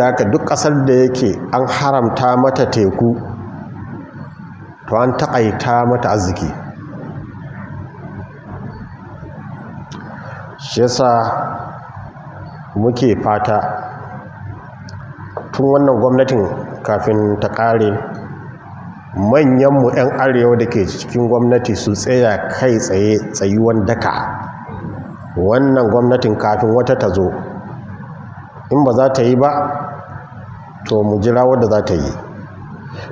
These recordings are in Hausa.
da haka duk ƙasar da yake an haramta mata teku to an taƙaita mata arziki shi yasa muke fata tun wannan gwamnatin kafin ta ƙare manyanmu 'yan arewa da ke cikin gwamnati su tsaya kai tsaye tsayuwan daka wannan gwamnatin kafin wata ta zo in ba za ta yi ba to mu jira wadda za ta yi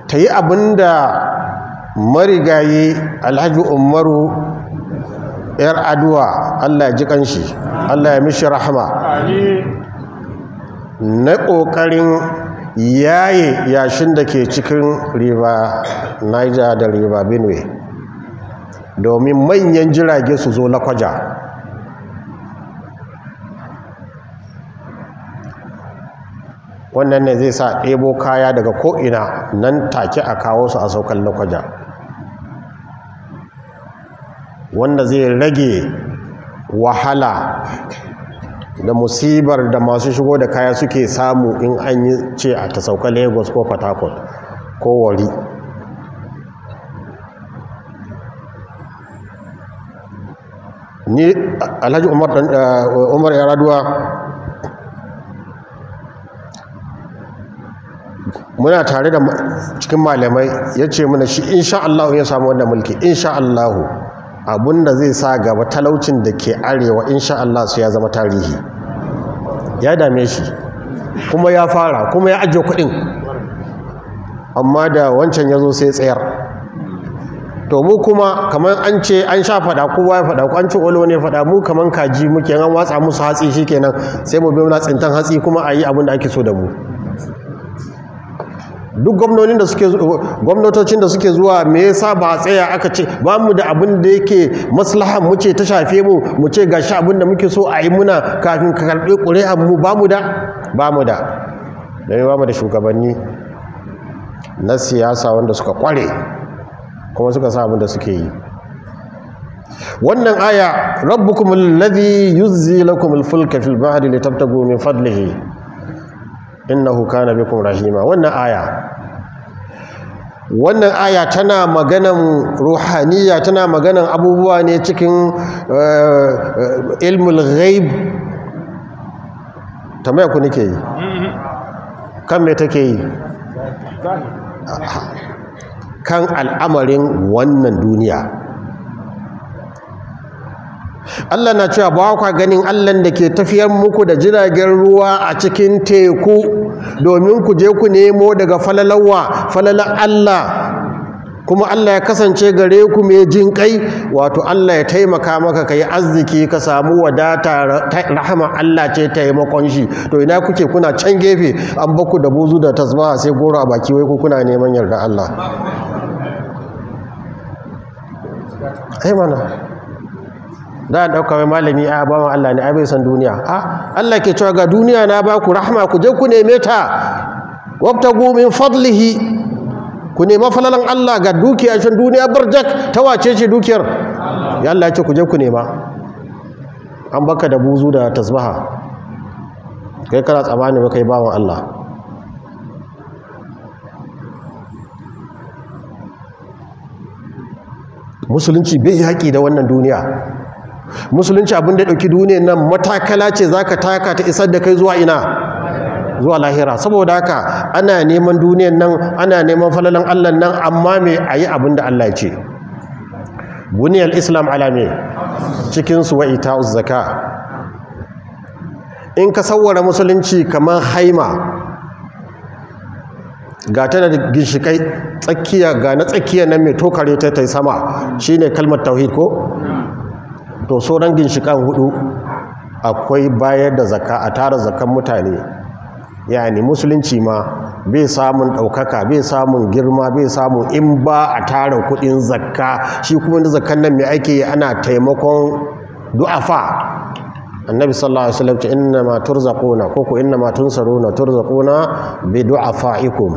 ta yi abin da marigayi alhaji umaru yar aduwa allah ji kanshi allah ya mishi rahama na ƙoƙarin yaye yashin da ke cikin riba niger da riba benue domin manyan jirage su zo lakwaja wannan ne zai sa ɗebo kaya daga ko'ina nan take a kawo su a saukan lokaja wanda zai rage wahala da musibar da masu shigo da kaya suke samu in an yi ce a ta sauka lagos ko port ko wari ni alhaji umar eh, ya raduwa muna tare da cikin malamai ya ce mana shi insha Allah ya samu wannan mulki insha Allah abinda zai sa gaba talaucin da ke arewa insha Allah su ya zama tarihi ya dame shi kuma ya fara kuma ya ajiye kuɗin amma da wancan ya zo sai tsayar to mu kuma kamar an ce an sha fada kowa ya fada an ce wani ya fada mu kamar kaji muke an watsa musu hatsi shikenan sai mu bi muna tsintan hatsi kuma a yi abin da ake so da mu duk gwamnatocin da suke zuwa me yasa ba tsaya aka ce ba mu da abin da yake maslahan mu ce ta shafe mu mu ce gashi abin da muke so a yi muna kafin ka karɓi ƙuri'an mu ba mu da ba mu da don ba mu da shugabanni na siyasa wanda suka kware kuma suka sa abin da suke yi wannan aya rabbukum alladhi yuzzi lakum alfulka fil bahri litabtagu min fadlihi innahu kana bikum rahima wannan aya wannan aya tana maganan ruhaniya tana maganan abubuwa ne cikin eh, eh, ilmul ghaib tambaya ku nake yi kan me take yi kan al'amarin wannan duniya Allah na cewa ba kwa ganin Allah da ke tafiyar muku da jiragen ruwa a cikin teku domin ku je ku nemo daga falalawa falala Allah kuma Allah ya kasance gare ku mai jin kai wato Allah ya taimaka maka kai arziki ka samu wadata rahama Allah ce taimakon shi to ina kuke kuna can gefe an baku da buzu da tasbaha sai goro a baki wai ku kuna neman yarda Allah za a ɗauka mai malami a bawan Allah ne a bai san duniya a Allah ke cewa ga duniya na ba ku rahama ku je ku neme ta gumin fadlihi ku nema falalan Allah ga dukiya shi duniya barjak ta wace ce dukiyar ya Allah ce ku je ku nema an baka da buzu da tasbaha kai kana tsamani ba kai bawan Allah musulunci bai yi haƙi da wannan duniya musulunci abin da ya ɗauki duniyar nan matakala ce za ka taka ta isar da kai zuwa ina zuwa lahira saboda haka ana neman duniyar nan ana neman falalan allah nan amma me a yi abin da allah ce buniyar islam alame cikinsu wa ita zaka in ka saurara musulunci kamar haima ga tana da ginshikai tsakiya ga na tsakiya nan mai tokare ta ta sama shine kalmar tauhid ko to sauran ginshikan hudu akwai bayar da zaka a tara zakan mutane yani musulunci ma bai samun ɗaukaka bai samun girma bai samun in ba a tara kuɗin zakka shi kuma da zakkan nan mai ake yi ana taimakon du'afa annabi sallallahu alaihi wasallam inna ma turzaquna ko ko inna ma tunsaruna turzaquna bi du'afaikum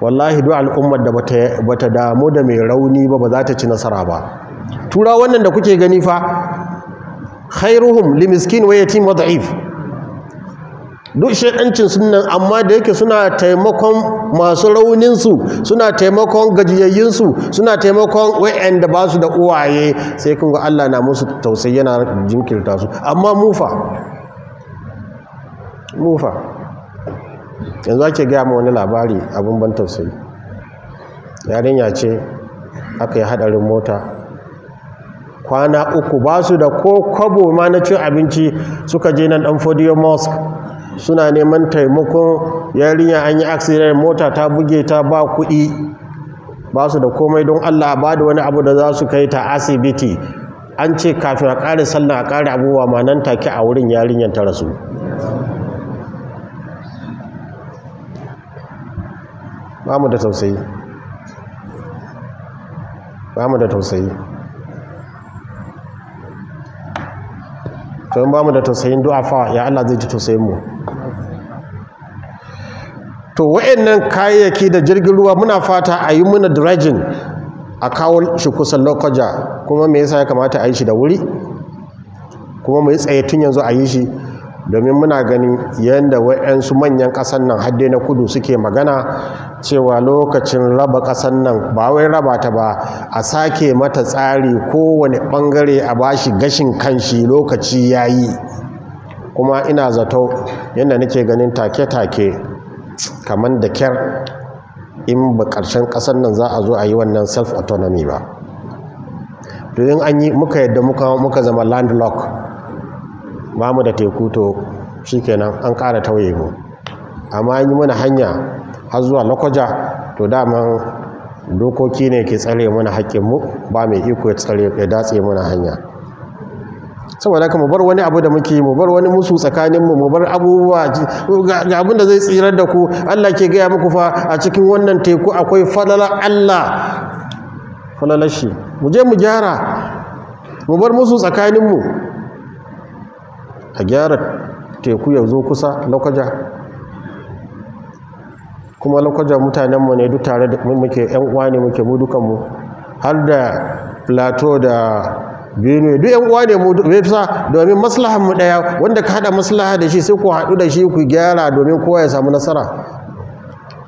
wallahi du'a al'ummar da bata damu da mai rauni ba ba za ta ci nasara ba tura wannan da kuke gani fa khairuhum li miskin wa yatim wa da'if duk shaidancin sunan amma da yake suna taimakon masu rauninsu suna taimakon gajiyayyinsu suna taimakon wayanda ba su da uwaye sai kun ga Allah na musu tausayi yana jinkirta su amma mufa mufa yanzu ake gaya ma wani labari abin ban tausayi yarinya ce aka yi hadarin mota kwana uku ba su da ko kwabo ma na cin abinci suka je nan dan fodiyo mosque suna neman taimakon yarinya an yi accident mota ta buge ta ba kuɗi ba su da komai don allah ba da wani abu da za su kai ta asibiti an ce kafin a ƙare sallah a ƙare abubuwa ma nan take a wurin yarinyar ta rasu ba mu da tausayi ba mu da tausayi to in ba mu da tausayin du'a fa ya Allah zai ji tausayin mu to wa'annan kayayyaki da jirgin ruwa muna fata a yi muna dredging a kawo shi kusan lokaja kuma me yasa ya kamata a yi shi da wuri kuma mu yi tsaye tun yanzu a yi shi domin muna ganin yadda wa'yansu manyan ƙasan nan hadde na kudu suke magana cewa lokacin raba ƙasan nan ba wai raba ta ba a sake mata tsari kowane ɓangare a bashi gashin kanshi lokaci ya yi kuma ina zato yadda nake ganin take-take kamar da kyar in ba ƙarshen ƙasar nan za a zo a yi wannan self autonomy ba to an yi muka yadda muka zama landlock ba mu da teku to shi kenan an ƙara tauye mu amma an yi mana hanya har zuwa lokaja to daman dokoki ne ke tsare mana haƙƙinmu ba mai iko ya tsare ya datse mana hanya saboda ka mu bar wani abu da muke mu bar wani musu tsakaninmu mu bar abubuwa ga abin da zai tsirar da ku Allah ke gaya muku fa a cikin wannan teku akwai falala Allah falalashi mu je mu gyara mu bar musu tsakaninmu a gyara teku ya zo kusa lokwaja kuma lokwaja mutanenmu ne duk tare da muke yan uwa ne muke mu dukanmu har da plateau da benue duk yan uwa ne mu bisa domin maslahan mu daya wanda ka hada maslaha da shi sai ku haɗu da shi ku gyara domin kowa ya samu nasara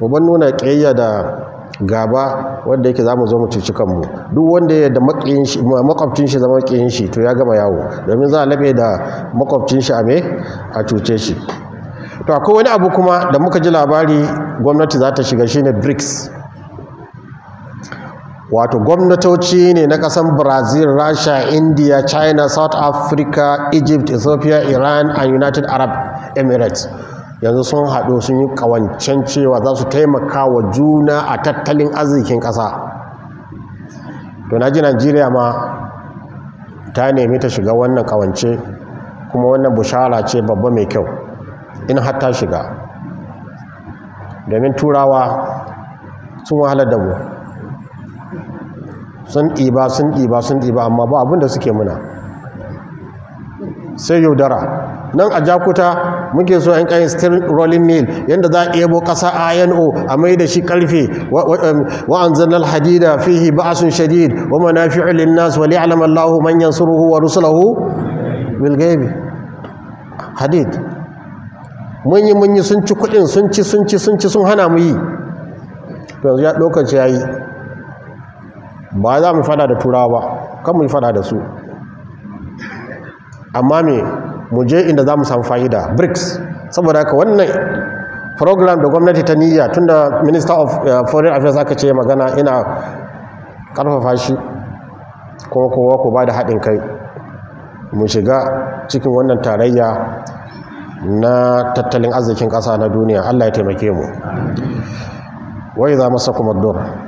mu ban nuna da gaba wanda yake zamu zo mu cuci kanmu duk wanda ya da makwabcin shi zama makiyin shi to ya gama yawo domin za a labe da makwabcin shi a me a cuce shi to akwai wani abu kuma da muka ji labari gwamnati za ta shiga shine BRICS wato gwamnatoci ne na kasan brazil russia india china south africa egypt ethiopia iran and united arab emirates yanzu sun haɗu sun yi ƙawancen cewa za su taimaka wa juna a tattalin arzikin ƙasa to na ji najeriya ma ta nemi ta shiga wannan kawance kuma wannan bushara ce babba mai kyau in har shiga domin turawa sun wahalar da mu sun ɗiba sun ɗiba sun ɗiba amma ba abinda suke muna sai yaudara nan a jakuta muke so yan kayan steel rolling mill yanda za a yabo kasa INO a mai da shi karfe um, wa anzalna hadida fihi ba'sun shadid wa manafi'u lin-nas wa li'lam Allahu man yansuruhu wa rusulahu bil ghaib hadid mun yi mun yi sun ci kudin sun ci sun ci sun ci sun hana mu yi to ya lokaci yayi ba za mu fada da turawa ba kan mu fada da su amma me mu je inda za mu samu fa'ida brics saboda haka wannan program da gwamnati ta niyya da minister of eh, foreign affairs aka ce magana ina karfafa shi kuma kowa ku ba da haɗin kai mu shiga cikin wannan tarayya na tattalin arzikin ƙasa na duniya allah ya taimake mu wai za masa kuma dur